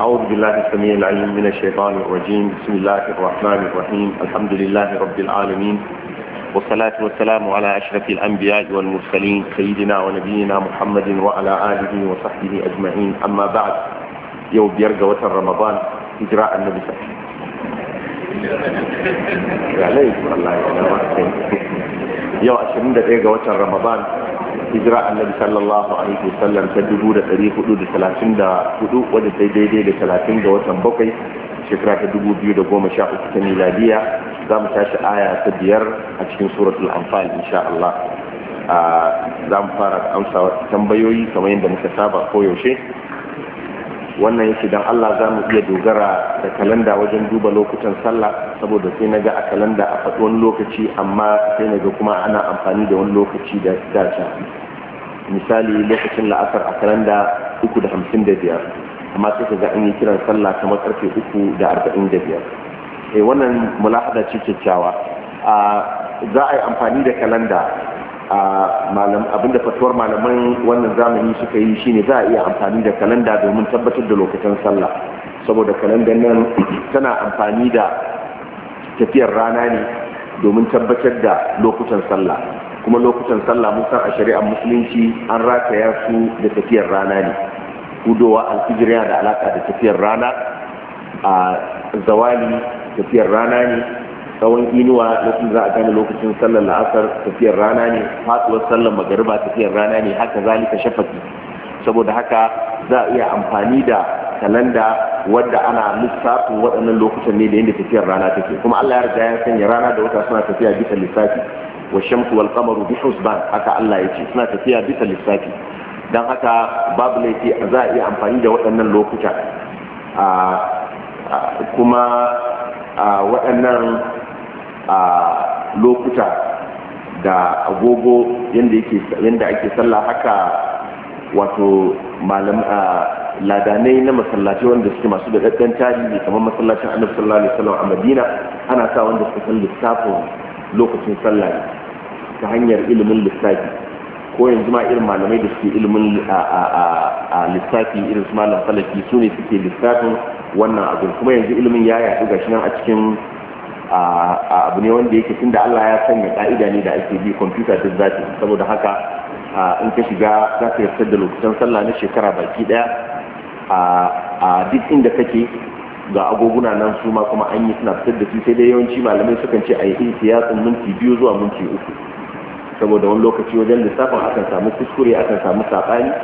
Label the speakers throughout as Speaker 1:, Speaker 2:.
Speaker 1: أعوذ بالله السميع العليم من الشيطان الرجيم بسم الله الرحمن الرحيم الحمد لله رب العالمين والصلاة والسلام على أشرف الأنبياء والمرسلين سيدنا ونبينا محمد وعلى آله وصحبه أجمعين أما بعد يوم بيرجى وتر رمضان إجراء النبي صلى الله عليه وسلم يوم 21 ga وتر رمضان hijira annabi sallallahu alaihi wasallam ta dubu da ɗari hudu da talatin da hudu wadda ta daidai da talatin da watan bakwai shekara ta dubu biyu da goma sha uku ta miladiya za mu tashi aya ta biyar a cikin suratul anfal insha Allah ah, za mu fara amsa tambayoyi kamar yadda muka saba koyaushe wannan yake don Allah za mu iya dogara da kalanda wajen duba lokutan sallah saboda sai na ga a kalanda a faɗi wani lokaci amma sai ga kuma ana amfani da wani lokaci da dace misali lokacin la'asar a kalanda uku da hamsin da biyar amma sai ka ga an yi kiran sallah kamar karfe uku da arba'in da biyar eh, wannan mulahada ce kyakkyawa ah, za a yi amfani da kalanda abinda fatuwar malaman wannan zamani suka yi shine za a iya amfani da kalanda domin tabbatar da lokacin sallah saboda kalandar nan tana amfani da tafiyar rana ne domin tabbatar da lokutan sallah kuma lokutan sallah musan a shari'ar musulunci an ya su da tafiyar rana ne hudowa alfijiriya yana da alaka da tafiyar rana a zawali tafiyar rana ne tsawon inuwa lokacin za a gane lokacin sallar la'asar tafiyar rana ne faduwar sallar magariba tafiyar rana ne haka zalika shafaki saboda haka za a iya amfani da kalanda wadda ana lissafin waɗannan lokutan ne da yadda tafiyar rana take kuma Allah ya riga ya sanya rana da wata suna tafiya bisa lissafi wa shamsu wal qamaru bi husban haka Allah ya ce suna tafiya bisa lissafi dan haka babu laifi za a iya amfani da waɗannan lokuta kuma a waɗannan a lokuta da agogo yadda ake sallah haka wato malam ladanai na masallaci wanda suke masu da tarihi kamar masallacin annabi sallallahu alaihi wasallam a Madina ana sa wanda suka san lissafin lokacin sallah ta hanyar ilimin lissafi ko yanzu ma irin malamai da suke ilimin a lissafi irin su malam falaki su ne suke lissafin wannan abin kuma yanzu ilimin ya yaɗu gashi nan a cikin abu ne wanda yake da Allah ya sanya ƙa'ida ne da ake bi kwamfuta duk zafi saboda haka in ka shiga za ka yarda da lokutan sallah na shekara baki ɗaya a duk inda kake ga agoguna nan su ma kuma an yi suna fitar da su sai dai yawanci malamai sukan ce a yi ihtiyasin minti biyu zuwa minti uku saboda wani lokaci wajen lissafin akan samu kuskure akan samu saɓani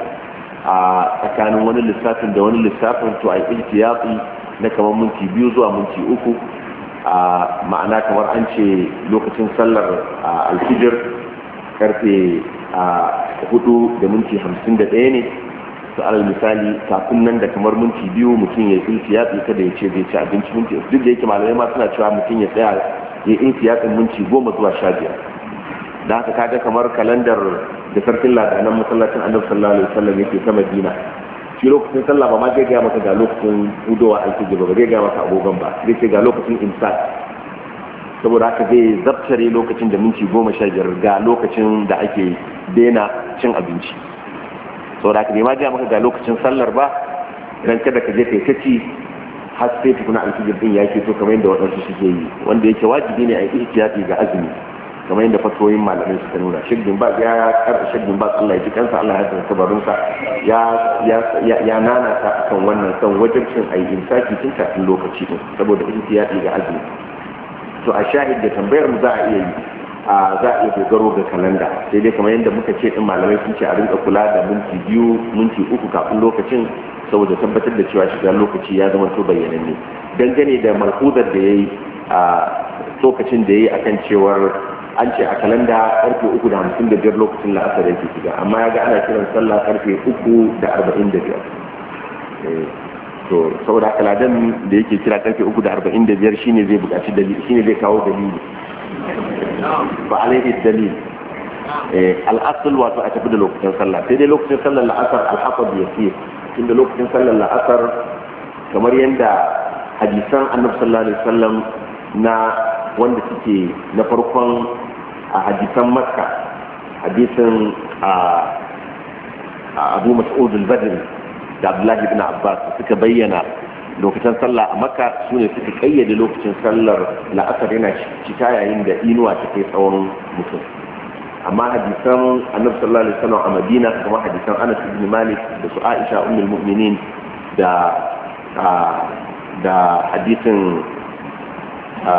Speaker 1: a tsakanin wani lissafin da wani lissafin to a yi iltiyatsi na kamar minti biyu zuwa minti uku a ma'ana kamar an ce lokacin sallar alfijir karfe hudu da minti hamsin da ɗaya ne su alal misali kafin nan da kamar minti biyu mutum ya iltiyatsi kada ya ce zai ci abinci minti duk da yake malamai ma suna cewa mutum ya tsaya ya iltiyatsin minti goma zuwa sha biyar da haka kaga kamar kalandar da sarkin ladanan masallacin annabi sallallahu alaihi wasallam yake ta madina shi lokacin sallah ba ma zai gaya maka ga lokacin hudowa alfiji ba zai gaya maka agogon ba zai ce ga lokacin insaf saboda haka zai zabtare lokacin da minti goma sha biyar ga lokacin da ake daina cin abinci saboda haka bai ma gaya maka ga lokacin sallar ba idan kada ka je kai ta ci har sai tukuna alfijir din ya ke so kamar yadda waɗansu suke yi wanda yake wajibi ne a yi ihtiyati ga azumi kamar yadda fatoyin malamai suka nuna shirgin ba ya karɓi shirgin ba Allah ya ji kansa Allah ya tsara tabarunsa ya nana ta akan wannan kan wajen cin ayi insaki tun kafin lokaci din saboda ihtiyati ga azumi to a shahid da tambayar mu za a iya yi a za a iya dogaro ga kalanda sai dai kamar yadda muka ce din malamai sun ce a rinka kula da minti biyu minti uku kafin lokacin saboda tabbatar da cewa shiga lokaci ya zama to bayyananne dangane da malhudar da yi a lokacin da yayi akan cewar an ce a kalanda karfe uku da hamsin da biyar lokacin la'asar yake shiga amma ya ga ana kiran sallah karfe uku da arba'in da biyar eh, to saboda kaladan da yake kira karfe uku da arba'in da biyar shine zai bukaci dalili shine zai kawo dalili ba alaihi dalil eh, al'asul wato a tafi da lokacin sallah sai dai lokacin sallar la'asar al'afar ya fiye tunda lokacin sallar la'asar kamar yadda hadisan annabi sallallahu alaihi wasallam na wanda suke na farkon a hadisan makka a abu mas'ud da abdullahi ibn abbas suka bayyana lokacin sallah a makka su ne suka kayyade lokacin sallar la'asar yana cika yayin da inuwa ta kai tsawon mutum amma hadisan annabi sallallahu alaihi wasallam a madina kuma hadisan anas ibn malik da su aisha ummul mu'minin da da hadisin a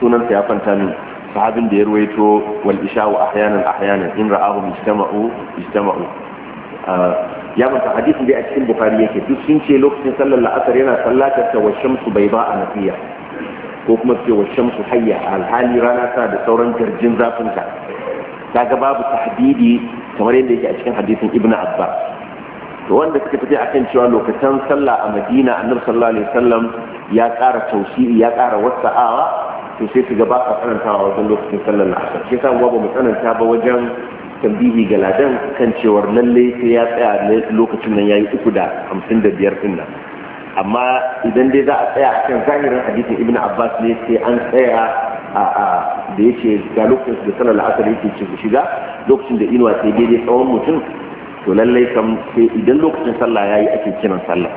Speaker 1: sunansa ya kwanta min sahabin da ya ruwaito wal isha'u ahyanan ahyanan in ra'ahu ijtama'u ijtama'u ah, ya manta hadisin dai a cikin bukhari yake duk sun ce lokacin sallar la'asar yana sallatar ta wa shamsu ba a nafiya ko kuma ce wa shamsu hayya alhali rana ta da sauran garjin zafin ta ga babu tahdidi kamar yadda yake a cikin hadisin Ibn abbas to wanda suka tafi akan cewa lokacin sallah a madina annabi sallallahu alaihi wasallam ya ƙara tausiri ya ƙara wasa'awa to sai su gaba ba ka tsanantawa wajen lokacin sallar la'asar shi yasa ba mu tsananta ba wajen tambihi ga ladan kan cewar lalle sai ya tsaya lokacin nan yayi uku da hamsin da biyar din nan amma idan dai za a tsaya a kan zahirin hadisin ibn abbas ne sai an tsaya a da yake ga lokacin da sallar la'asar yake ce shiga lokacin da inuwa sai daidai tsawon mutum to lallai kam sai idan lokacin sallah yayi ake kiran sallah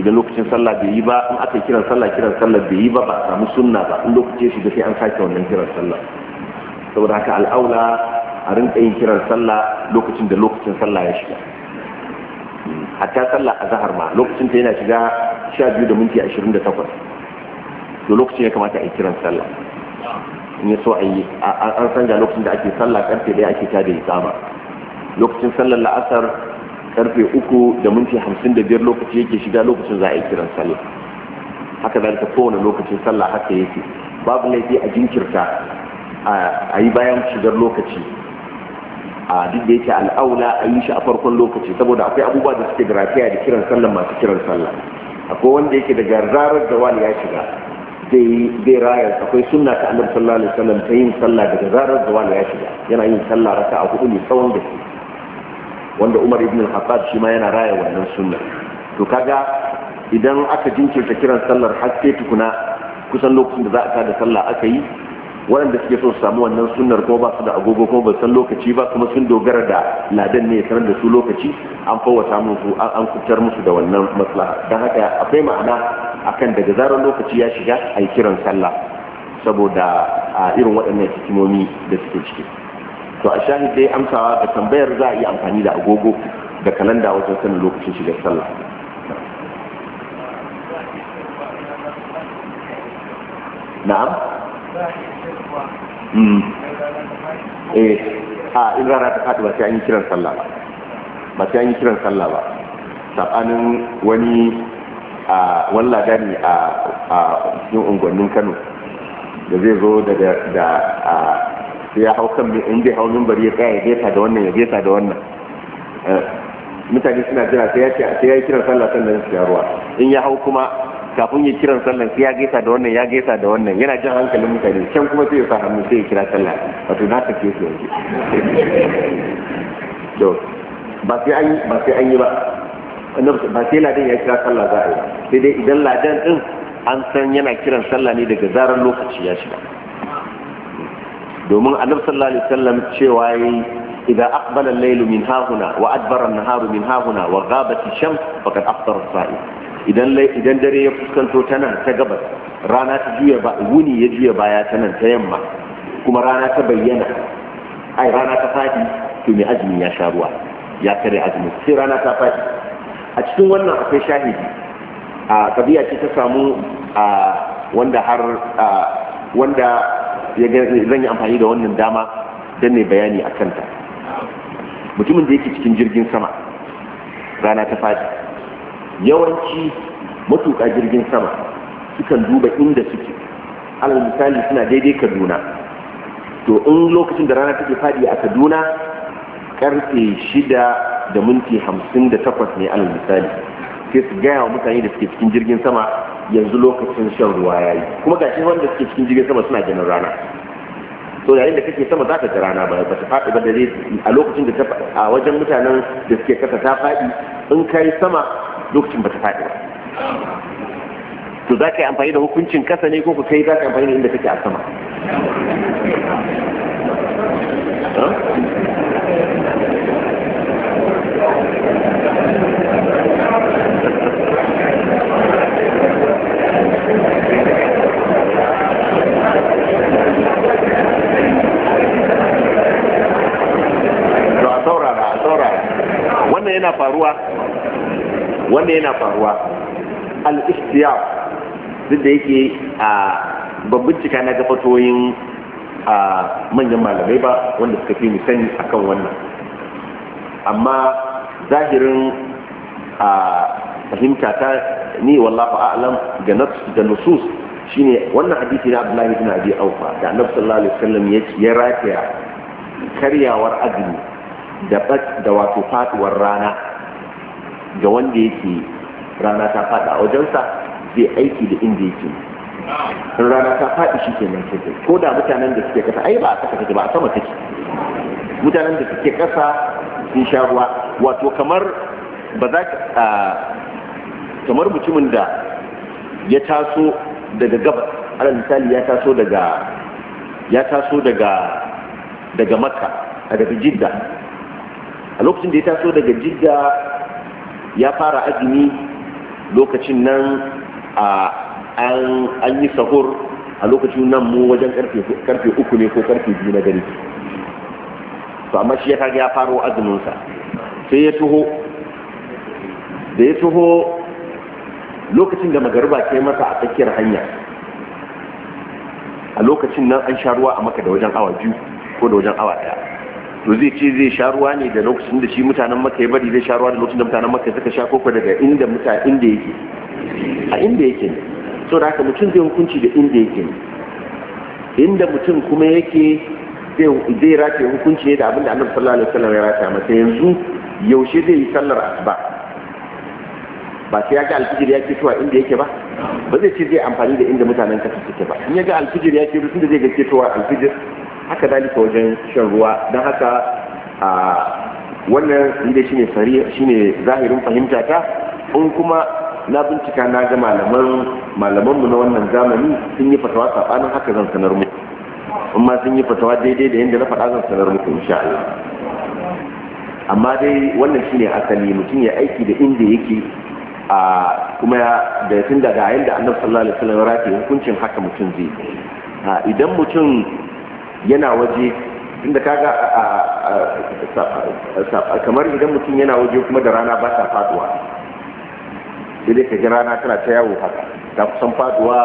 Speaker 1: idan lokacin sallah bai yi ba in aka kiran sallah kiran sallah bai yi ba ba a samu sunna ba in lokacin shi da sai an sake wannan kiran sallah saboda haka al'aula a rinka yin kiran sallah lokacin da lokacin sallah ya shiga hatta sallah a zahar ma lokacin ta yana shiga sha biyu da minti ashirin da takwas to lokacin ya kamata a yi kiran sallah in ya so a yi an sanja lokacin da ake sallah karfe ɗaya ake tada tsama lokacin sallar la'asar karfe uku da minti hamsin da biyar lokaci yake shiga lokacin za a yi kiran sallah haka ta kowane lokacin sallah haka yake babu laifi a jinkirta a yi bayan shigar lokaci a duk da yake al'aula a yi shi a farkon lokaci saboda akwai abubuwa da suke da rafiya da kiran sallah masu kiran sallah akwai wanda yake daga zarar da wani ya shiga zai raya akwai sunna ta annabi sallallahu alaihi ta yin sallah daga zarar da wani ya shiga yana yin sallah a hudu ne tsawon gaske wanda umar ibn al-khattab shi ma yana raya wannan sunna to kaga idan aka jinkirta kiran sallar har sai tukuna kusan lokacin da za a tada sallah aka yi waɗanda suke so su samu wannan sunnar kuma ba su da agogo kuma ba san lokaci ba kuma sun dogara da ladan ne sanar da su lokaci an fawata musu an kutar musu da wannan maslaha don haka akwai ma'ana akan daga zarar lokaci ya shiga a kiran sallah saboda a irin waɗannan hikimomi da suke ciki to a shahid dai amsawa da tambayar za a yi amfani da agogo da kalanda wajen sanin lokacin shigar sallah na'am
Speaker 2: hmm. eh
Speaker 1: a in rana ta fadi ba sai an yi kiran sallah ba ba sai an yi kiran sallah ba sabanin wani a walla gani a cikin unguwannin kano da zai zo da sai ya hau kan in bai hau mimbari ya tsaya ya gesa da wannan ya gesa da wannan eh, mutane suna jira sai ya yi kiran sallah sannan su ruwa in ya hau kuma kafin ya kiran sallah sai ya gaisa da wannan ya gaisa da wannan yana jan hankalin mutane can kuma sai ya sa hannu sai ya kira sallah wato na sake su yanzu to ba sai an ba sai an yi ba ba sai ladan ya kira sallah za a yi sai dai idan ladan din an san yana kiran sallah ne daga zarar lokaci ya shiga domin annabi sallallahu alaihi wasallam cewa yayi idan aqbala al-laylu min hahuna wa adbara an-naharu min hahuna wa ghabat ash-shams faqad aftara as-sa'im idan idan dare ya fuskanto tana ta gabas rana ta juya ba wuni ya juya baya ta ta yamma kuma rana ta bayyana ai rana ta fadi to mai azumi ya sha ruwa ya kare azumi sai rana ta fadi a cikin wannan akwai shahidi a kabiya ce ta samu wanda har wanda zan yi amfani da wannan dama don ne bayani a kanta mutumin da yake cikin jirgin sama rana ta faɗi yawanci matuƙa jirgin sama sukan duba inda suke alal misali suna daidai kaduna to in lokacin da rana take faɗi a kaduna karfe shida da minti hamsin da takwas ne alal misali sai su gaya wa mutane da suke cikin jirgin sama yanzu lokacin shan ruwa ya yi kuma gashi wanda suke cikin jirgin sama suna ganin rana to yayin da kake sama za ka ga rana ba ba ta faɗi ba dare a lokacin da ta a wajen mutanen da suke kasa ta faɗi in kai sama lokacin ba ta faɗi ba to za ka yi amfani da hukuncin kasa ne ko ku kai za ka amfani da inda kake a sama wanda yana faruwa al-istiyab duk da yake a babban cika na gafatoyin a manyan malamai ba wanda suka fi sani kan wannan amma zahirin a fahimta ta ni wallahu a'lam ga da nusus shine wannan hadisi na Abdullahi ibn Abi Awfa da Annabi sallallahu alaihi wasallam ya ya rataya karyawar azumi da da wato faduwar rana ga wanda yake rana ta fada a wajensa zai aiki da inda yake rana ta faɗi shi ke nan take ko da mutanen da suke ƙasa ai ba a kasa kake ba a sama kake mutanen da suke ƙasa sun sha ruwa wato kamar ba za ka kamar mutumin da ya taso daga gabas alal misali ya taso daga ya taso daga daga makka a daga jidda a lokacin da ya taso daga jidda ya fara azumi lokacin nan an yi sahur a lokacin nan mu wajen karfe uku ne ko karfe biyu na gari to amma shi ya kaga ya faro azuminsa sai ya tuho da ya tuho lokacin da magariba ke masa a tsakiyar hanya a lokacin nan an sha ruwa a maka da wajen awa biyu ko da wajen awa daya to zai ce zai sha ruwa ne da lokacin da shi mutanen maka ya bari zai sha ruwa da lokacin da mutanen maka suka sha koko daga inda mutane inda yake a inda yake ne so da haka mutum zai hukunci da inda yake ne inda mutum kuma yake zai rataye hukunci ne da abinda annabi sallallahu alaihi wasallam ya rataye masa yanzu yaushe zai yi sallar asuba ba sai ya ga alfijir ya ke tuwa inda yake ba ba zai ce zai amfani da inda mutanen kasa suke ba in ya ga alfijir ya ke fito da zai ga tuwa alfijir haka dalika wajen shan ruwa don haka a wannan inda shine sari ne zahirin fahimta ta in kuma na bincika na ga malaman malaman mu na wannan zamani sun yi fatawa sabanin haka zan sanar mu amma sun yi fatawa daidai da yadda na faɗa zan sanar muku insha Allah amma dai wannan shi ne asali mutum ya aiki da inda yake a kuma ya da tun daga yadda annabi sallallahu alaihi wasallam ya rafi hukuncin haka mutum zai idan mutum yana waje inda kaga kamar idan mutum yana waje kuma da rana ba ta faduwa sai dai ka ji rana tana ta yawo haka ta kusan faduwa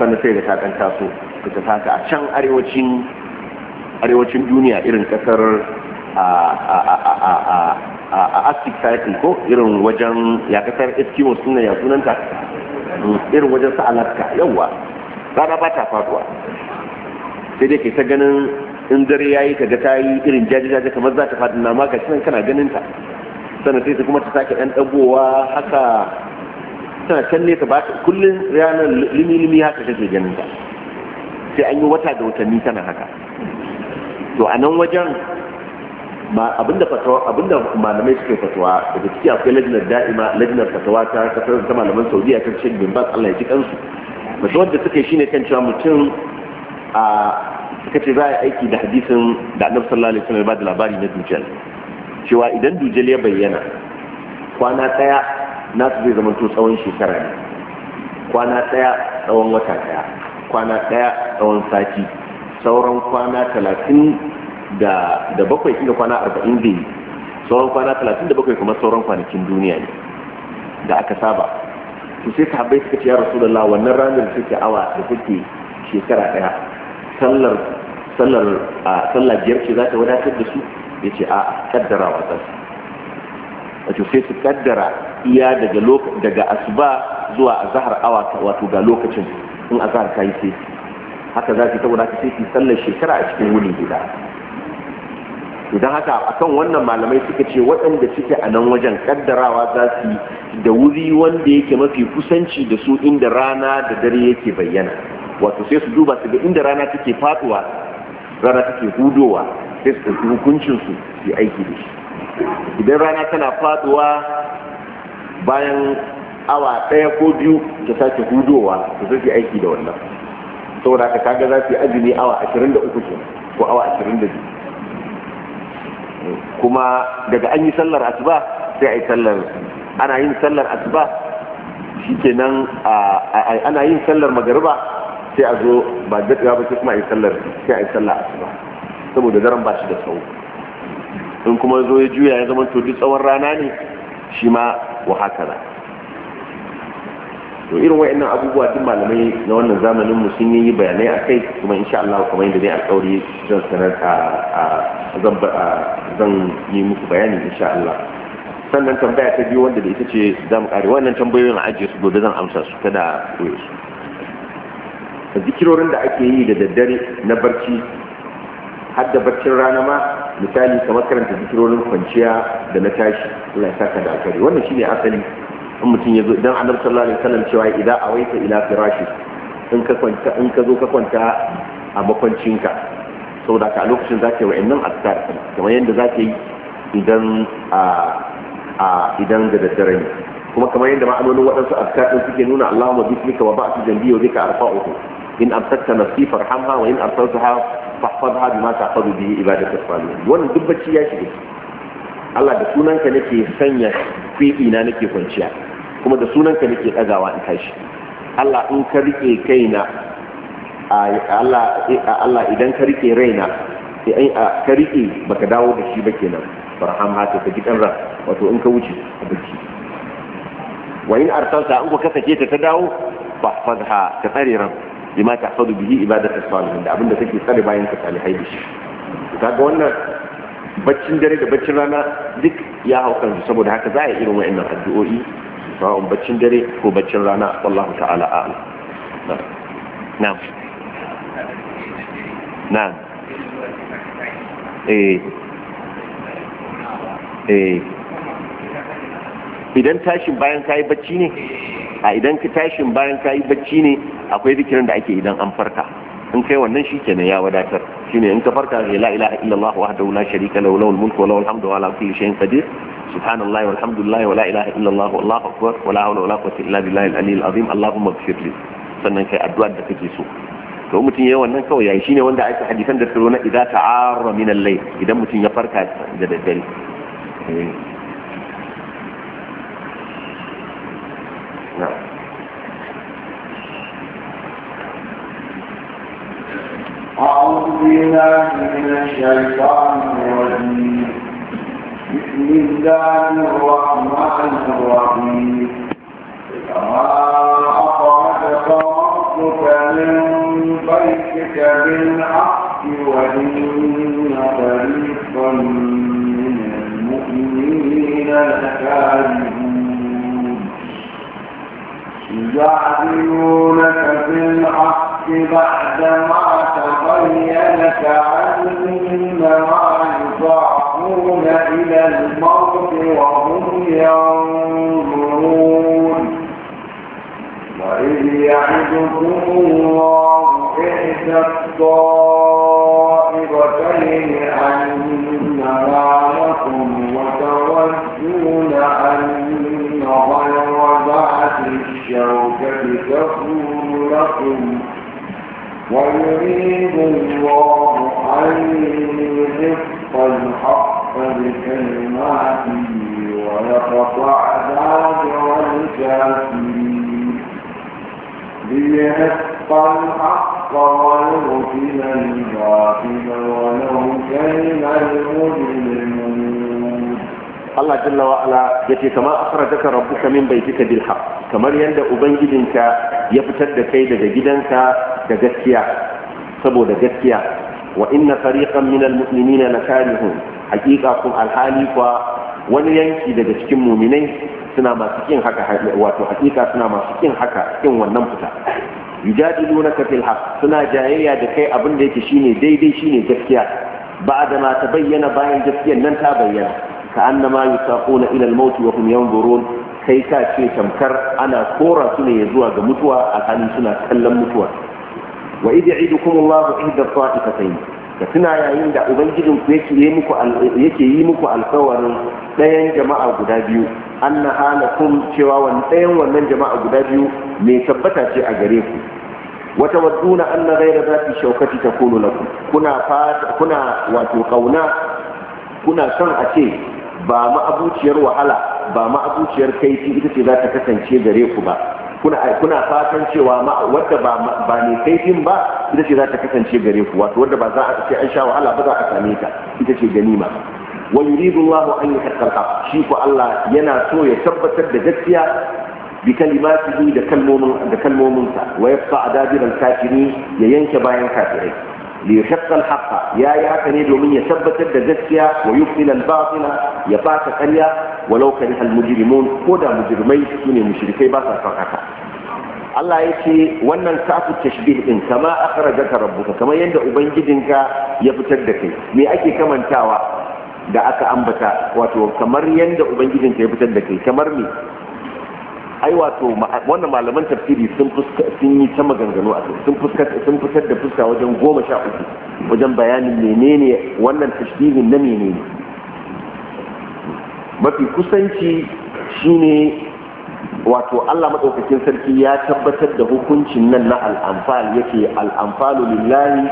Speaker 1: sannan sai da ta taso ka ta taka a can arewacin arewacin duniya irin kasar a arctic cycle ko irin wajen ya kasar eskimo suna ya sunanta irin wajen sa alaska yawwa rana ba ta faduwa sai dai kai ta ganin in dare ya yi kaga ta yi irin jajajaja kamar za ta faɗi na ma gashi nan kana ganin ta sannan sai ta kuma ta sake ɗan ɗagowa haka tana can ta ba kullum ranar limi-limi haka take ganin ta sai an yi wata da watanni tana haka to a nan wajen abinda fatawa abinda malamai suke fatawa daga ciki akwai lajinar da'ima lajinar fatawa ta kasar ta malaman saudiya ta cikin bin Allah ya ji kansu fatawar wanda suke shine kan cewa mutum a suka ce za a yi aiki da hadisin da annabi sallallahu alaihi wasallam ba da labari na dujal cewa idan dujal ya bayyana kwana daya nasu zai zama to tsawon shekara ne kwana daya tsawon wata daya kwana daya tsawon sati sauran kwana talatin da da bakwai inda kwana arba'in zai yi sauran kwana talatin da bakwai kuma sauran kwanakin duniya ne da aka saba to sai sahabbai suka ce ya rasulullah wannan ranar da take awa da suke shekara daya sallar sallar a sallar biyar ce za ta wadatar da su ya ce a kaddarawa za su wato sai su kaddara iya daga asuba zuwa azhar awa wato ga lokacin in azhar ta yi sai haka za su ta wadatar sai su sallar shekara a cikin wuni guda idan haka akan wannan malamai suka ce waɗanda suke a nan wajen kaddarawa za su yi da wuri wanda yake mafi kusanci da su inda rana da dare yake bayyana wato sai su duba su ga inda rana take faduwa rana take hudowa sai su ɗauki hukuncinsu su aiki da shi idan rana tana faduwa bayan awa ɗaya ko biyu ta sake hudowa ta zai aiki da wannan saboda ka kaga za su yi azumi awa 23 ke ko awa 22 kuma daga an yi sallar asuba sai a yi sallar ana yin sallar asuba shikenan ana yin sallar magariba sai a zo ba daɗewa ba sai kuma a yi sallar sai a yi sallar asuba saboda daren ba shi da tsawo in kuma zo ya juya ya zama tobi tsawon rana ne shi ma wa haka na to irin wa'annan abubuwa duk malamai na wannan zamanin mu sun yi bayanai a kai kuma insha Allah kuma yadda zai alƙawari zan sanar a zan zan yi muku bayani insha Allah sannan tambaya ta biyu wanda da ita ce mu kare wannan tambayoyin a ajiye su gobe zan amsa su kada koyo su zikirorin da ake yi da daddare na barci har da barcin rana ma misali kamar karanta zikirorin kwanciya da na tashi Allah ya saka da alkhairi wannan shine asali in mutum ya zo dan annabi sallallahu alaihi wasallam cewa idan awaita ila firashi in ka kwanta in ka zo ka kwanta a makwancinka saboda ka a lokacin zaka yi wa'annan azkar kamar yanda zaka yi idan a idan da daddare ne kuma kamar yadda ma'anonin waɗansu azkar suke nuna Allahumma bismika wa ba'tu jambi ka bika arfa'uhu in amsakta nafsi farhamha wa in arsaltaha fahfazha bima ta'khudhu bihi ibadatu faruwa. wannan duk bacci ya shiga Allah da sunanka nake sanya fi'i na nake kwanciya kuma da sunanka nake ɗagawa in tashi Allah in ka rike kaina Allah Allah idan ka rike raina ka rike baka dawo da shi ba kenan farhamha ta gidan ran wato in ka wuce a bacci wa in arsalta an ku kasake ta ta dawo fahfazha ka tsare ran bima tahfadu bihi ibadatu salihin da abinda take tsare bayan ka salihai da shi kaga wannan baccin dare da baccin rana duk ya hau kansu saboda haka za a irin wa'annan addu'o'i sawa'un baccin dare ko baccin rana wallahu ta'ala a'ala na'am na'am eh. Eh. idan tashin bayan kayi bacci ne a idan ka tashin bayan kayi bacci ne akwai zikirin da ake idan an farka in kai wannan shi shikenan ya wadatar shine in ka farka la ilaha illallah wahdahu la sharika lahu lahul mulku wa lahul hamdu wa ala kulli shay'in qadir subhanallahi walhamdulillahi wa la ilaha illallah wallahu akbar wa la hawla wa la quwwata illa billahi al-aliyyil azim allahumma ighfir li sannan kai addu'a da kake so to mutum yayi wannan kawai yayi shine wanda aka hadisan da tsaro na idza ta'arra min al-layl idan mutum ya farka da daddare eh. نعم.
Speaker 3: أعوذ بالله من الشيطان الرجيم بسم الله الرحمن الرحيم كما أخرجك ربك من بيتك بالحق وإن فريقا من المؤمنين لكاذبون يجادلونك في الحق بعدما تبين لك أنما يضعفون إلى الموت وهم ينظرون وإذ يعدكم الله إحدى الطاعات يغفر لكم ويريد الله أن يحق الحق بكلماته ويقطع دابر الكافرين ليحق الحق ويبطل
Speaker 1: الباطل ولو كان المجرمون Allah jalla wa ala yace kama akhrajaka rabbuka min baitika bil haqq kamar yanda ubangijinka ya fitar da kai daga gidanka da gaskiya saboda gaskiya wa inna fariqan min al mu'minina lakarihun haqiqa kun alhali kwa wani yanki daga cikin muminai suna masu kin haka wato haqiqa suna masu kin haka kin wannan fita yujadilunaka fil haqq suna jayayya da kai abin da yake shine daidai shine gaskiya ba da ma ta bayyana bayan gaskiyar nan ta bayyana ka annama saƙo na ilal maut wa kai ka ce tamkar ana kora su ne zuwa ga mutuwa a halin suna kallon mutuwa wa idh kuma Allah ihda ta'ifatayn ka tuna yayin da ubangijin ku yake yi muku yake yi muku alkawarin ɗayan jama'a guda biyu anna halakum cewa wannan ɗayan wannan jama'a guda biyu mai tabbata ce a gare ku wata wadduna anna ghayra zati shawkati takunu lakum kuna fata kuna wato kauna kuna son a ce ba ma'abuciyar wahala ba ma'abuciyar kaifi ita ce za ta kasance gare ku ba kuna fatan cewa wadda ba mai kaifin ba ita ce za ta kasance gare ku wato wadda ba za a ce an sha wahala ba za a same ta ita ce ganima wa yuridu Allah an yuhaqqal shi ko Allah yana so ya tabbatar da gaskiya bi kalimatihi da kalmomin da kalmominsa wa yafsa adabir al ya yanke bayan kafirai ليحق الحق يا يا كنيد من يثبت الدزكيا ويبطل الباطل يبات قريا ولو كره المجرمون كودا مجرمي سنة مشركي باسا فقطا الله يتي وانا سعف التشبيه إن كما أخرجك ربك كما يند أبنجدنك يبتدك مي أكي كمان تاوى da aka ambata wato kamar yadda ubangijinka ya fitar da kai kamar me ai wato wannan malaman tafsiri sun fuska sun yi ta maganganu a sun fuska sun fitar da fuska wajen goma sha uku wajen bayanin menene wannan tashbihin na menene mafi kusanci shine wato Allah madaukakin sarki ya tabbatar da hukuncin nan na al'amfal yake al'amfalu lillahi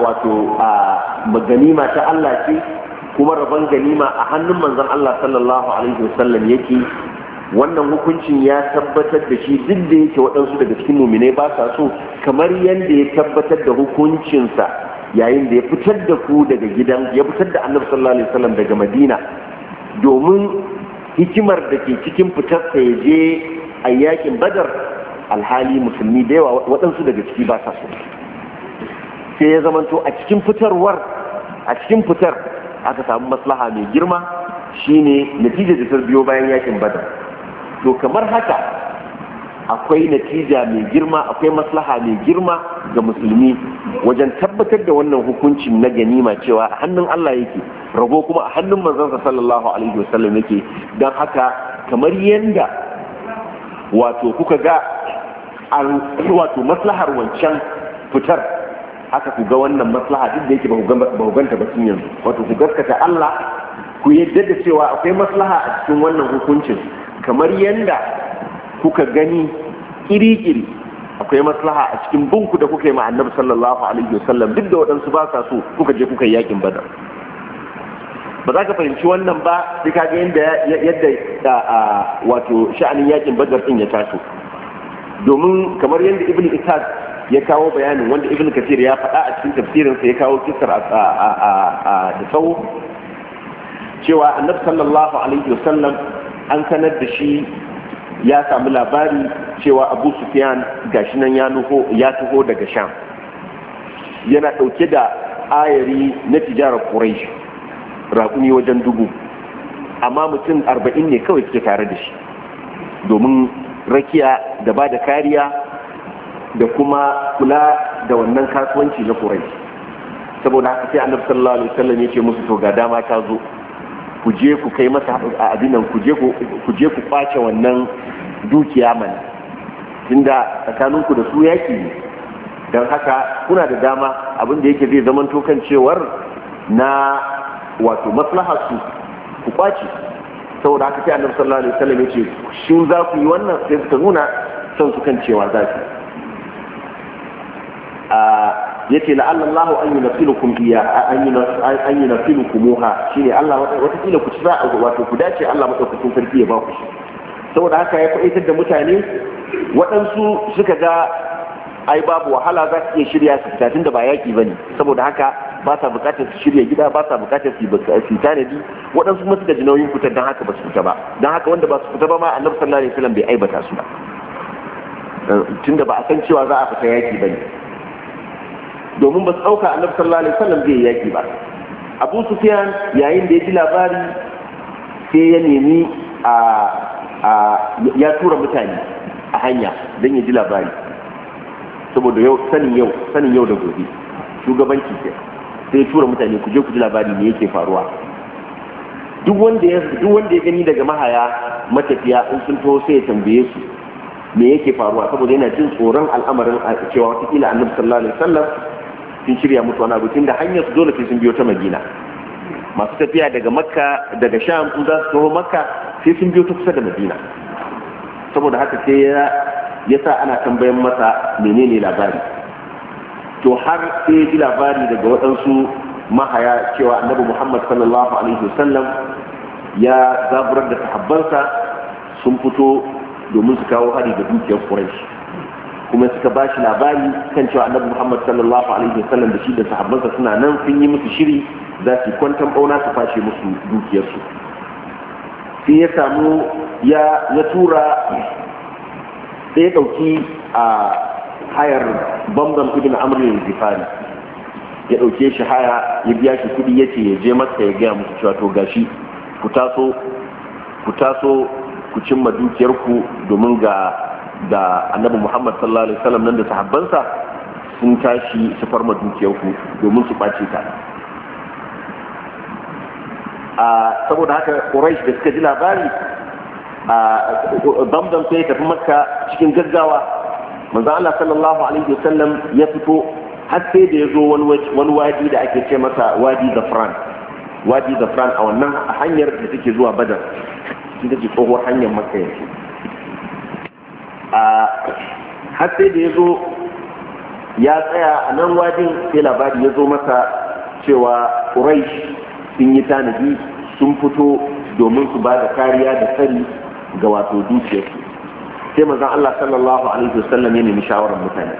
Speaker 1: wato a ganima ta Allah ce kuma rabon ganima a hannun manzon Allah sallallahu alaihi wasallam yake wannan hukuncin ya tabbatar da shi duk da yake waɗansu daga cikin muminai ba sa so kamar yadda ya tabbatar da hukuncinsa yayin da ya fitar da ku daga gidan ya fitar da annabi sallallahu alaihi wasallam daga madina domin hikimar da ke cikin fitarsa ya je a yakin badar alhali musulmi da yawa waɗansu daga ciki ba sa so sai ya zamanto a cikin fitarwar a cikin fitar aka samu maslaha mai girma shine natijar da ta biyo bayan yakin badar to kamar haka akwai natija mai girma akwai maslaha mai girma ga musulmi wajen tabbatar da wannan hukuncin na ganima cewa a hannun Allah yake rago kuma a hannun manzansa sallallahu alaihi wasallam yake don haka kamar yadda wato kuka ga wato maslahar wancan fitar haka ku ga wannan maslaha duk da yake ba ku ganta ba yanzu wato ku gaskata Allah ku yadda da cewa akwai maslaha a cikin wannan hukuncin kamar yadda kuka gani iri-iri akwai maslaha a cikin bunku da kuka yi ma sallallahu alaihi wasallam duk da waɗansu ba sa so kuka je kuka yi yakin badar ba za ka fahimci wannan ba sai ka ga yadda yadda wato sha'anin yakin badar din ya taso domin kamar yadda ibn ishaq ya kawo bayanin wanda ibn kathir ya faɗa a cikin tafsirin sa ya kawo kisar a da tsawo cewa annabi sallallahu alaihi wasallam an sanar da shi ya samu labari cewa abu sufyan gashi nan ya tuho daga sham yana ɗauke da ayari na tijarar quraish raƙumi wajen dubu amma mutum arba'in ne kawai suke tare da shi domin rakiya da ba da kariya da kuma kula da wannan kasuwanci na quraish saboda haka sai annabi sallallahu alaihi wasallam ya ce musu to ga dama ta zo ku je ku kai masa abinan ku je ku kwace wannan dukiya mana tunda tsakaninku da su yaki ne don haka kuna da dama abin da yake zai zaman kan cewar na wato maslahar su ku kwace saboda haka sai annabi sallallahu alaihi wasallam yace shin za ku yi wannan sai suka nuna son su kan cewa za ku a yace la'alla Allah an yunfilukum biya an yunfilukumuha shine Allah wata kila ku a wato ku dace Allah madaukakin sarki ya ba ku shi saboda haka ya kwaitar da mutane waɗansu suka ga ai babu wahala za su iya shirya su fita tunda ba yaƙi ba ne saboda haka ba sa buƙatar su shirya gida ba sa buƙatar su tanadi waɗansu kuma suka ji nauyin fitar don haka ba su fita ba don haka wanda ba su fita ba ma annabi sallallahu alaihi wasallam bai aibata su ba tunda ba a san cewa za a fita yaƙi ba ne domin ba su ɗauka a sallallahu lalai wasallam zai yaki ba abu sufyan yayin da ya ji labari sai ya nemi a ya tura mutane a hanya don ya ji labari saboda yau sanin yau sanin yau da gobe shugabanci ke sai ya tura mutane ku je ku ji labari me yake faruwa duk wanda ya duk wanda ya gani daga mahaya matafiya in sun taho sai ya tambaye su me yake faruwa saboda yana jin tsoron al'amarin cewa wataƙila annabi sallallahu alaihi wasallam sun shirya musu wani abu tunda hanyar su dole sun biyo ta madina masu tafiya daga makka daga sham in za su taho makka sai sun biyo ta kusa da madina saboda haka sai ya sa ana tambayan masa menene labari to har sai ya ji labari daga waɗansu mahaya cewa annabi muhammad sallallahu alaihi wasallam ya zaburar da sahabbansa sun fito domin su kawo hari da dukiyar quraish kuma suka ba shi labari kan cewa annabi muhammad sallallahu alaihi wasallam da shi da sahabbansa suna nan sun yi musu shiri za su kwantan bauna su fashe musu dukiyarsu sai ya samu ya tura sai ya ɗauki a hayar bambam ibn amrin zifari ya ɗauke shi haya ya biya shi kuɗi yace ya je masa ya gaya musu cewa to gashi ku taso ku taso ku cimma dukiyarku domin ga da annabi muhammad sallallahu alaihi wasallam nan da sahabbansa sun tashi su farma dukiyarku domin su bace ta a saboda haka quraish da suka ji labari a bamdan sai tafi makka cikin gaggawa manzo Allah sallallahu alaihi wasallam ya fito har sai da ya zo wani wadi da ake ce masa wadi zafran wadi zafran a wannan hanyar da take zuwa badar ita ji tsohuwar hanyar makka yake a har sai da ya zo ya tsaya a nan wajen sai labari ya zo masa cewa quraish sun yi tanadi sun fito domin su ba da kariya da tsari ga wato dukiyarsu sai mazan Allah sallallahu alaihi wasallam ya nemi shawarar mutane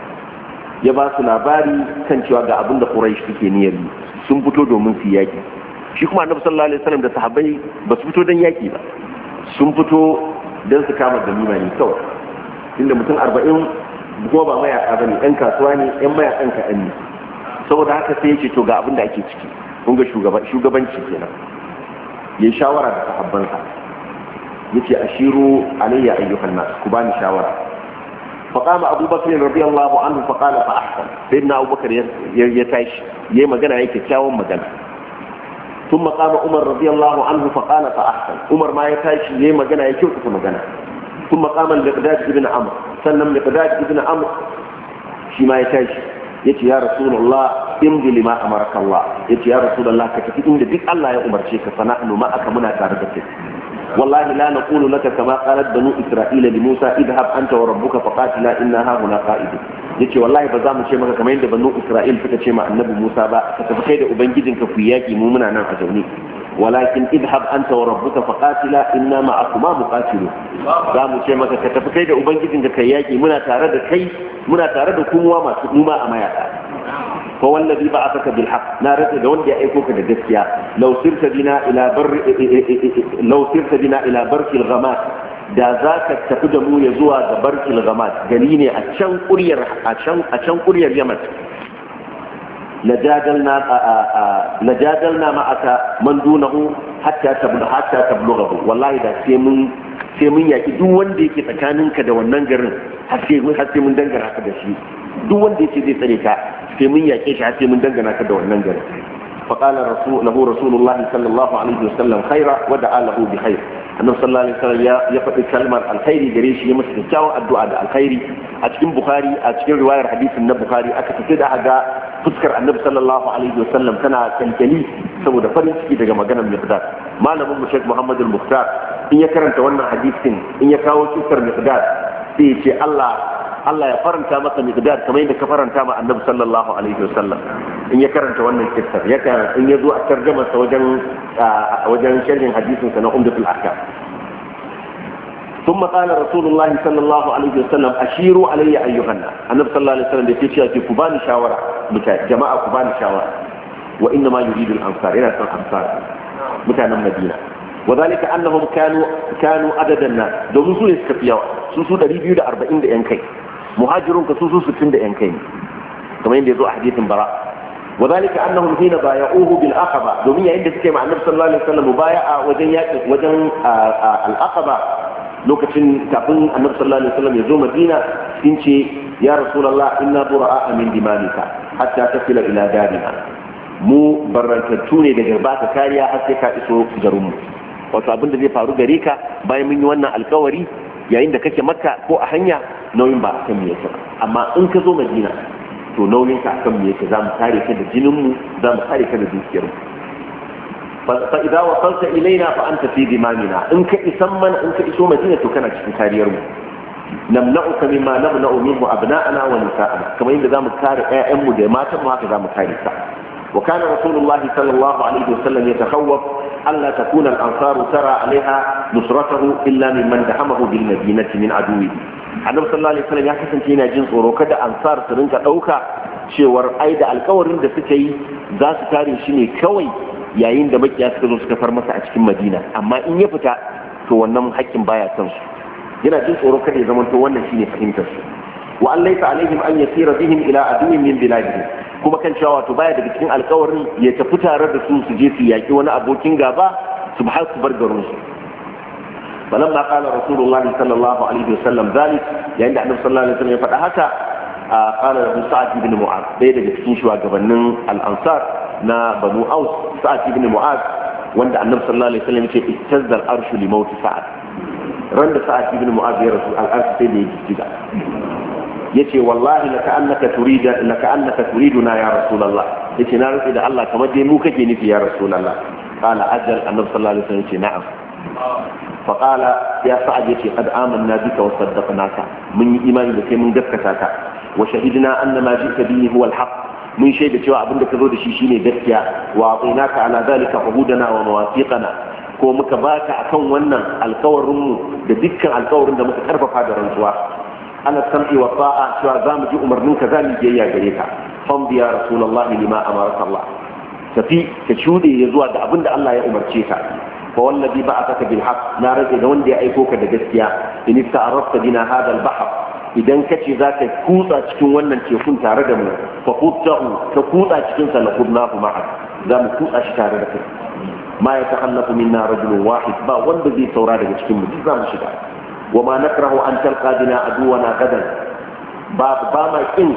Speaker 1: ya ba su labari kan cewa ga abin da quraish suke niyyar sun fito domin su yaki shi kuma annabi sallallahu alaihi wasallam da sahabbai ba su fito don yaki ba sun fito don su kama ganima ne kawai inda mutum arba'in ko ba mayaka ba ne yan kasuwa ne yan mayakan kaɗan ne saboda haka sai ya ce to ga abin da ake ciki kun ga shugabanci kenan ya shawara da sahabbansa ya ce a shiru alayya ayyukan na, ku bani shawara فقام ابو بكر رضي الله عنه فقال فاحسن سيدنا ابو بكر يتاش يي magana yake kyawun magana ثم قام عمر رضي الله عنه فقال فاحسن عمر ما يتاش يي magana yake kyautu magana ثم قام المقداد بن عمرو سلم المقداد بن عمرو شما يتاشي يتي يا رسول الله امضي لما امرك الله يتي يا رسول الله كتفي ان ديك الله يا عمر شيك فنحن معك منا تاردك والله لا نقول لك كما قالت بنو اسرائيل لموسى اذهب انت وربك فقاتلا انا هاهنا قائدون yace wallahi ba za mu ce maka kamar yadda banu Isra'il suka ce ma annabi Musa ba ka tafi kai da ubangijinka ku yaki mu muna nan a zaune walakin idhab anta wa rabbuka faqatila inna ma'akuma za mu ce maka ka tafi kai da ubangijin ka kai yaki muna tare da kai muna tare da kuma masu kuma a mayaka fa wallazi ba'athaka bil haqq na rasa da wanda ya aiko ka da gaskiya law sirta bina ila bar eh, eh, eh, law sirta bina ila barkil ghamat da za ka tafi da mu ya zuwa ga barkil ghamat gani ne a can kuryar a can a can kuryar yaman لجادلنا لجادلنا معك من دونه حتى تبلغ حتى تبلغه والله da sai mun sai wanda yake tsakaninka da wannan garin har sai dangana ka da shi duk wanda yake zai tsare ka sai mun yake shi dangana ka da wannan garin فقال رسول له رسول الله صلى الله عليه وسلم خيرا ودعا له بخير annabi sallallahu alaihi wasallam ya faɗi kalmar alkhairi gare shi ya masa kyakkyawan addu'a da alkhairi a cikin bukhari a cikin riwayar hadisin na bukhari aka tafi da aga fuskar annabi sallallahu alaihi wasallam tana kankani saboda farin ciki daga maganar miqdad malamin mu Sheikh Muhammad al in ya karanta wannan hadisin in ya kawo kisar miqdad sai ya ce Allah Allah ya faranta masa miqdad kamar yadda ka faranta ma annabi sallallahu alaihi wasallam in ya karanta wannan kissa yaka in ya zo a tarjumar sa wajen wajen sharhin hadisin sa na umdatul ahkam ثم قال رسول الله صلى الله عليه وسلم أشيروا علي أيها الناس النبي صلى الله عليه وسلم يقول في كبان شاورة جماعة كبان شاورة وإنما يريد الأنصار إلى الأنصار متى المدينة وذلك أنهم كانوا كانوا عدد الناس دون سنة كفية سنة 240 ينكي muhajirun ka su su sittin da yankai kai kamar yadda ya zo a hadisin bara wa zalika annahum hina baya'uhu bil aqaba domin yayin da suke ma annabi sallallahu alaihi wasallam mubaya'a wajen yaƙi wajen al aqaba lokacin kafin annabi sallallahu alaihi wasallam ya zo madina sun ce ya rasulullah inna bura'a min dimanika hatta tasila ila darina mu barrantattu ne daga baka kariya har sai ka iso garinmu wato abin da zai faru gare ka bayan mun yi wannan alkawari yayin da kake makka ko a hanya nauyin ba a kan mu yake amma in ka zo madina to nauyin ka akan mu yake za mu kare ka da jinin mu za mu kare ka da dukiyar mu fa idza wasalta ilaina fa anta fi dimamina in ka isan mana in ka iso madina to kana cikin kariyar mu namna'uka mimma namna'u minhu abna'ana wa nisa'ana kamar yadda zamu kare ƴaƴan mu da matan mu haka zamu kare ka wa kana rasulullahi sallallahu alaihi wasallam yatakhawwaf ألا تكون الأنصار ترى عليها نصرته إلا ممن دهمه بالمدينة من عدوه annabi sallallahu alaihi wasallam ya kasance yana jin tsoro kada ansar su rinka dauka cewar ai da alkawarin da suka yi za su tare shi ne kawai yayin da makiya suka zo suka far masa a cikin madina amma in ya fita to wannan hakkin baya kan su yana jin tsoro kada ya zamanto wannan shine fahimtar su wa allaita alaihim an yasira bihim ila aduwwin min biladihim kuma kan cewa wato baya daga cikin alkawarin ya tafi tare da su su je su yaki wani abokin gaba su har su bar garin su balan ma kala rasulullahi sallallahu alaihi sallam zalik yayin da annabi sallallahu alaihi sallam ya faɗa haka a kala da sa'ad ibn mu'az ɗaya daga cikin shugabannin al-ansar na banu aus sa'ad ibn mu'az wanda annabi sallallahu alaihi wasallam yake ittazzal arshu li mawt sa'ad ran da sa'ad ibn mu'az ya rasu al-arsh sai da ya jijjiga yace wallahi laka annaka turida laka annaka turiduna ya rasulullah yace na rufe da Allah kamar dai mu kake nufi ya rasulullah qala ajal annabi sallallahu alaihi wasallam yace na'am fa ya sa'ad yace qad amanna bika wa saddaqnaka mun yi imani da kai mun gaskata ka wa shahidna anna ma ji'ta bihi huwa al mun shaida cewa abin da ka zo da shi shine gaskiya wa atainaka ala dhalika uhudana wa mawafiqana ko muka baka akan wannan alkawarinmu da dukkan alkawarin da muka karfafa da rantsuwa Ana sam'i wa ta'a cewa za mu ji umarnin ka za mu biyayya gare ka famdi ya rasulullah lima amaraka Allah tafi ka shude ya zuwa da abin da Allah ya umarce ka fa wallazi ba'athaka bil haqq na rage da wanda ya aiko ka da gaskiya in ta'arrafta bina hada al bahr idan ka ce za ka kutsa cikin wannan tekun tare da mu fa ka kutsa cikin sa lakunnahu ma'a za mu kutsa shi tare da kai ma ya ta'allafu minna rajulun wahid ba wanda zai saura daga cikin mu za mu shiga وما نكره أن تلقى بنا عدونا غدا باب باما إن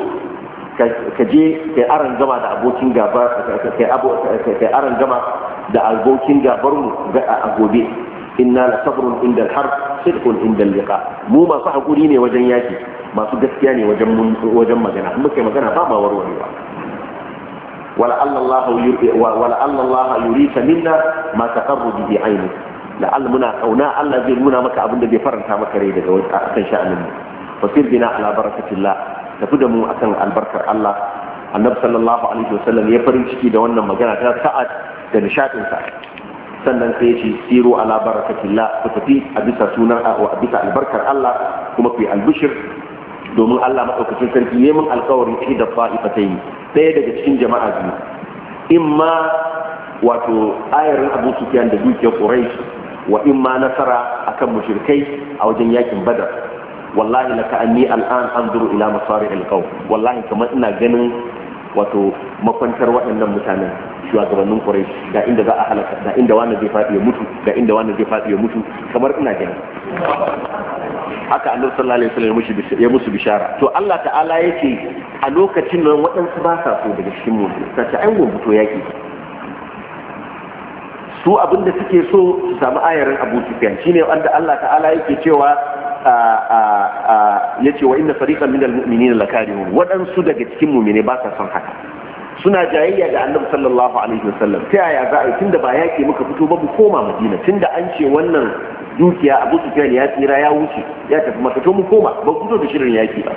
Speaker 1: كجي كي أرن جمع دا أبوكين غابر كي أبو كي أرن جمع دا أبوكين غابر أبوبي إنا لصبر عند الحرب صدق عند اللقاء مو ما صح قوليني وجن ياكي ما سو gaskiya ne wajen wajen magana in muke magana ba ma warwarewa wala Allah Allah yuri wala Allah Allah yuri minna ma taqarru bihi ayni da Allah muna kauna Allah zai nuna maka abin da bai faranta maka rai daga wani akan sha'anin mu fasir bina ala barakatillah tafi da mu akan albarkar Allah annabi sallallahu alaihi wasallam ya farin ciki da wannan magana ta sa'ad da nishadin sannan sai ya ce siru ala barakatillah ku tafi a bisa sunan a bisa albarkar Allah kuma ku yi albishir domin Allah maɗaukacin sarki ya min alkawarin shi da fa'ifatai ɗaya daga cikin jama'a biyu in ma wato ayarin abu sufiyan da dukiyar ƙorai. wa in ma nasara akan mushrikai a wajen yakin badar wallahi laka anni al'an anzuru ila masari alqaw wallahi kamar ina ganin wato makwantar waɗannan mutanen shugabannin quraish da inda za a halaka ga inda wani zai faɗi ya mutu da inda wani zai faɗi ya mutu kamar ina gani haka annabi sallallahu alaihi wasallam ya musu bishara to Allah ta'ala yake a lokacin nan waɗansu ba sa so daga cikin mu sai ai gobe to yaki su abin da suke so su samu ayarin abu sufyan shine wanda Allah ta'ala yake cewa ya ce wa inna fariqan minal mu'minina lakarihun waɗansu daga cikin mu'mine ba sa son haka suna jayayya da annabi sallallahu alaihi wasallam ta yaya za a yi tunda ba yaƙi muka fito ba mu koma madina tunda an ce wannan dukiya abu sufyan ya tsira ya wuce ya tafi maka to mu koma ba fito da shirin yaƙi ba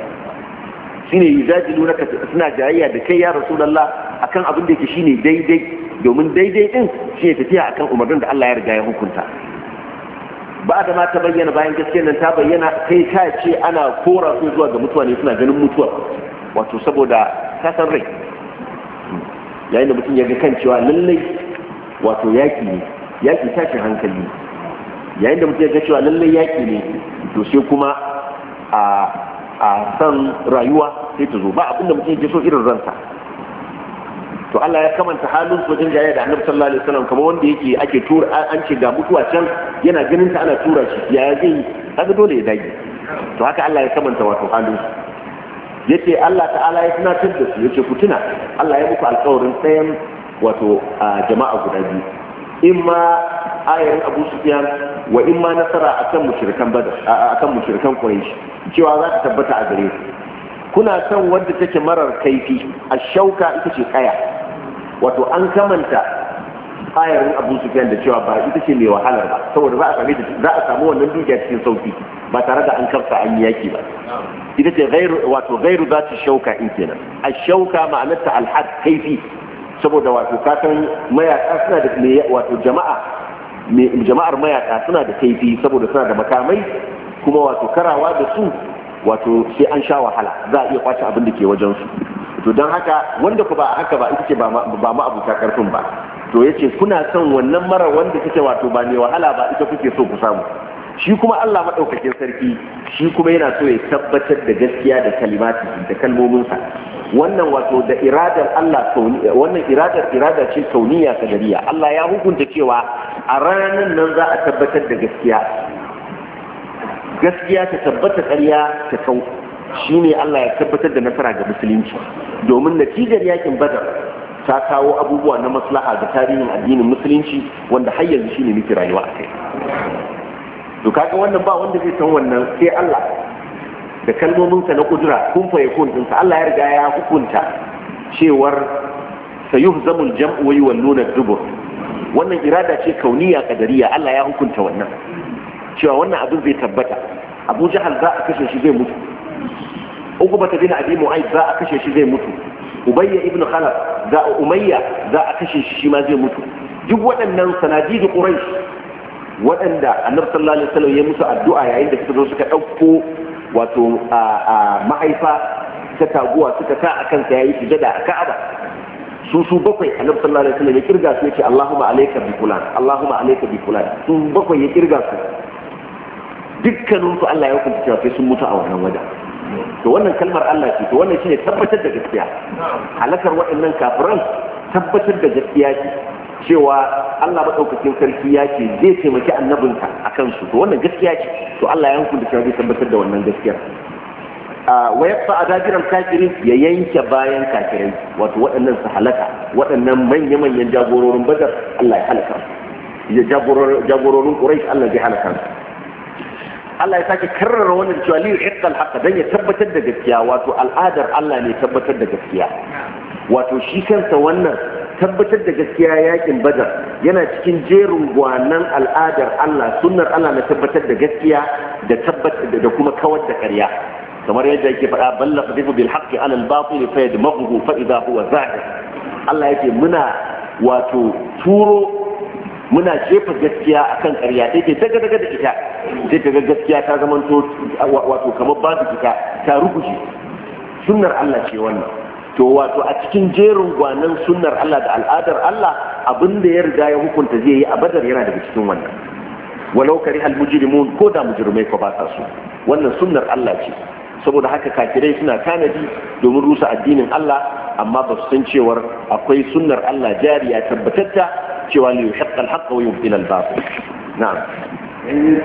Speaker 1: shine yujadilunaka suna jayayya da kai ya rasulullah akan abin da yake shine daidai domin daidai din shi shine tafiya akan umarnin da Allah ya riga ya hukunta ba da ma ta bayyana bayan gaskiyar nan ta bayyana kai ka ce ana kora su zuwa ga mutuwa ne suna ganin mutuwa wato saboda kasan rai yayin da mutum ya ga kan cewa lallai wato yaƙi ne yaƙi tashin hankali yayin da mutum ya ga cewa lallai yaƙi ne to sai kuma a a san rayuwa sai ta zo ba abin da mutum yake so irin ransa to Allah ya kamanta halin sojin jaya da annabi sallallahu alaihi wasallam kamar wanda yake ake tura an ce ga mutuwa can yana ganin ta ana tura shi yaya zai kaga dole ya dage to haka Allah ya kamanta wato halin su yace Allah ta'ala ya tunatar da su yace ku tuna Allah ya muku alƙawarin tsayan wato jama'a guda biyu imma ayarin abu sufyan wa imma nasara akan mushrikan badar akan mushrikan quraish cewa za ta tabbata a gare kuna son wanda take marar kaifi a shauka ita ce kaya wato an kamanta ayarin abu sufyan da cewa ba ita ce mai wahalar ba saboda za a same za a samu wannan dukiya cikin sauki ba tare da an kafsa an yi yaki ba ita ce gairu wato gairu za ta shauka in kenan a shauka ma'anarta alhad kaifi saboda wato kasan mayaka suna da wato jama'a jama'ar mayaka suna da kaifi saboda suna da makamai kuma wato karawa da su wato sai an sha wahala za a iya kwace abin da ke wajen su to don haka wanda ku ba haka ba ita ce ba ma abuta karfin ba to yace kuna son wannan mara wanda kike wato ba ne wahala ba ita kuke so ku samu shi kuma Allah madaukakin sarki shi kuma yana so ya tabbatar da gaskiya da kalimati da kalmominsa wannan wato da iradar Allah wannan iradar irada ce ta dariya, Allah ya hukunta cewa a ranar nan za a tabbatar da gaskiya gaskiya ta tabbata ƙarya ta kau shine Allah ya tabbatar da nasara ga musulunci domin natijar yakin badar ta kawo abubuwa na maslaha ga tarihin addinin musulunci wanda har yanzu shine muke rayuwa a kai to kaga wannan ba wanda zai san wannan sai Allah da kalmominsa na kudura kun fa yakun dinsa Allah ya riga ya hukunta cewar sayuhzamul jam'u wa yuwalluna dubur wannan irada ce kauniya kadariya Allah ya hukunta wannan cewa wannan abin zai tabbata Abu Jahal za a kashe shi zai mutu Uqba bin Abi Mu'ayth za a kashe shi zai mutu Ubayya ibn Khalaf za Umayya za a kashe shi shi ma zai mutu duk waɗannan sanadidu Quraysh waɗanda annabi sallallahu alaihi wasallam ya musu addu'a yayin da suka zo suka ɗauko wato a mahaifa ta taguwa suka ka a kansa yayi sujada a Ka'aba su su bakwai annabi sallallahu alaihi wasallam ya kirga su yace Allahumma alayka bi fulan Allahumma alayka bi fulan su bakwai ya kirga su dukkanin su Allah ya hukunta cewa sai sun mutu a wannan wajen to wannan kalmar Allah ce to wannan shine tabbatar da gaskiya halakar waɗannan kafiran tabbatar da gaskiya ce cewa Allah madaukakin sarki ya ce zai taimaki annabinka a kansu to wannan gaskiya ce to Allah ya hukunta cewa zai tabbatar da wannan gaskiyar wa yaqta adabiran kafirin ya yanke bayan kafirai wato waɗannan su halaka waɗannan manya-manyan jagororin badar Allah ya halaka ya jagororin quraish Allah ya halaka Allah ya sake karrara wannan cewa li yuhiqqa al dan ya tabbatar da gaskiya wato al'adar Allah ne tabbatar da gaskiya wato shi kansa wannan tabbatar da gaskiya yakin badar yana cikin jerin gwanan al'adar Allah sunnar Allah na tabbatar da gaskiya da tabbatar da kuma kawar da ƙarya kamar yadda yake faɗa balla qadifu bil haqqi ala al batil fa yadmaghu fa idha huwa zahir Allah yake muna wato turo muna jefa gaskiya akan ƙarya sai ke daga daga da ita sai ka ga gaskiya ta zamanto wato kamar babu ita ta rubuce sunnar Allah ce wannan to wato a cikin jerin gwanan sunnar Allah da al'adar Allah abin da ya riga ya hukunta zai yi a badar yana daga cikin wannan walau kari almujrimun ko da mujrimai ko ba sa so wannan sunnar Allah ce saboda haka kafirai suna tanadi domin rusa addinin Allah amma ba su san cewar akwai sunnar Allah jariya tabbatatta cewa li yuhaqqa al-haqqa wa yubdila al-batil na'am in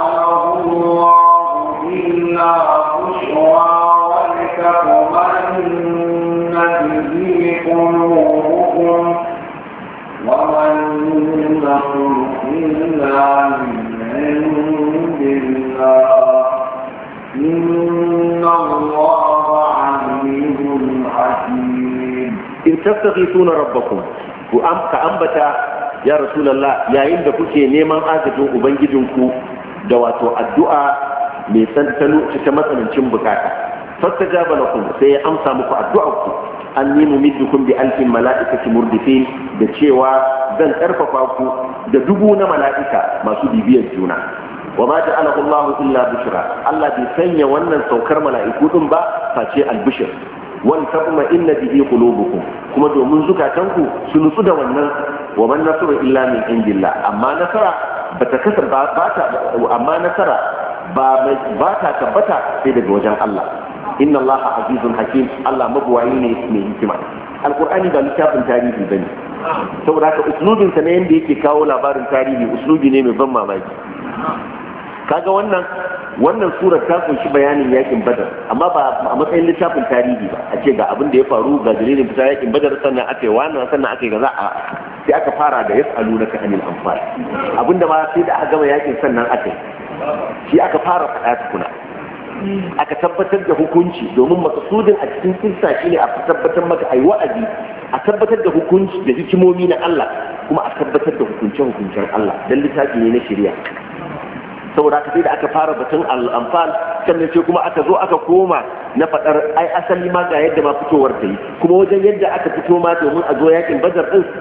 Speaker 1: tastaghithuna rabbakum ku am ka ambata ya rasulullah yayin da kuke neman agajin ubangijinku da wato addu'a mai santalo ta matsanancin bukata fastajaba lakum sai ya amsa muku addu'arku anni mumiddukum bi alfin mala'ikati murdifin da cewa zan karfafa ku da dubu na mala'ika masu bibiyar juna wa ma ja'alahu Allah illa bushra Allah bai sanya wannan saukar mala'iku din ba face albishir wal tabma inna bihi qulubukum kuma domin zukatanku su nutsu da wannan wa man nasara illa min indillah amma nasara ba ta kasa ba ta amma nasara ba ba ta tabbata sai daga wajen Allah inna Allah azizun hakim Allah mabuwayi ne mai hikima alqur'ani ba littafin tarihi bane saboda haka uslubin sa ne yanda yake kawo labarin tarihi uslubi ne mai ban mamaki kaga wannan wannan surar ta kunshi bayanin yakin badar amma ba a matsayin littafin tarihi ba a ce ga abin da ya faru ga dalilin fita yakin badar sannan aka yi wannan sannan aka yi gaza a sai aka fara da tsalu na kanil abin da ma sai da aka gama yakin sannan aka yi shi aka fara faɗa tukuna aka tabbatar da hukunci domin makasudin a cikin kissa shine a tabbatar maka ai wa'azi a tabbatar da hukunci da hikimomi na Allah kuma a tabbatar da hukunce hukuncen Allah dan littafi ne na shari'a saboda ka sai da aka fara batun al'amfal sannan sai kuma aka zo aka koma na fadar ai asali ma ga yadda ma fitowar ta yi kuma wajen yadda aka fito ma domin a zo yakin bazar din